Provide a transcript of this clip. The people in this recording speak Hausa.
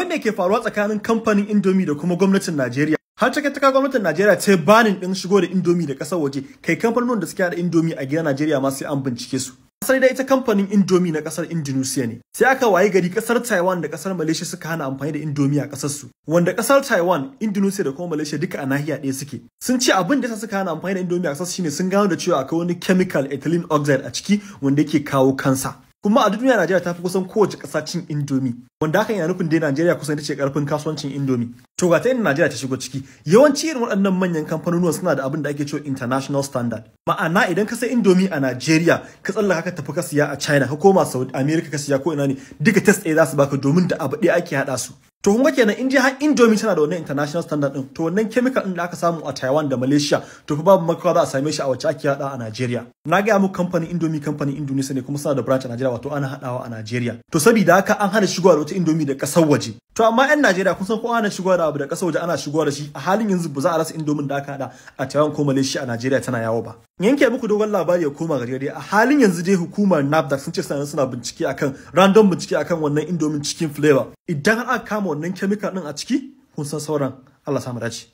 akwai me ke faruwa tsakanin kamfanin Indomi da kuma gwamnatin Najeriya har take taka gwamnatin Najeriya ta banin din shigo da Indomie da kasar waje kai kamfanin da suke da indomi a gida Najeriya ma sai an bincike su asali da ita kamfanin indomi na kasar Indonesia ne sai aka wayi gari kasar Taiwan da kasar Malaysia suka hana amfani da Indomie a kasar su wanda kasar Taiwan Indonesia da kuma Malaysia duka a nahiya ɗaya suke sun ce abin da suka hana amfani da Indomie a kasar shine sun gano da cewa akwai wani chemical ethylene oxide a ciki wanda yake kawo kansa kuma a duniya Najeriya ta fi kusan kowace ƙasa cin indomi wanda hakan yana nufin dai Najeriya kusan ita ce karfin kasuwancin indomi to ga ta inda Najeriya ta shigo ciki yawanci irin waɗannan manyan kamfanonuwa suna da abin da ake cewa international standard ma'ana idan ka sai indomi a Najeriya ka tsallaka ka tafi ka siya a China ka koma Saudi America ka siya ko ina ne duka test ɗaya za su baka domin da abu ɗaya ake haɗa su To kun kenan in har Indomie tana da wannan international standard din to wannan chemical din da aka samu a Taiwan da Malaysia to fa babu makawa za a same shi a wacce ake hada a Najeriya. Na ga muku kamfanin Indomi kamfanin Indonesia ne kuma suna da branch a Najeriya wato ana hadawa a Najeriya. To saboda haka an hana shigowa da wata Indomi da kasar waje. to amma yan Najeriya kun san ko ana shigo da abu da kasa waje ana shigo da shi a halin yanzu ba za a rasa indomin da aka hada a Taiwan ko Malaysia a Najeriya tana yawo ba yanke muku dogon labari ya koma gari a halin yanzu dai hukumar nafda sun ce suna suna bincike akan random bincike akan wannan indomin cikin flavor idan aka kama wannan chemical din a ciki kun san sauran Allah samu dace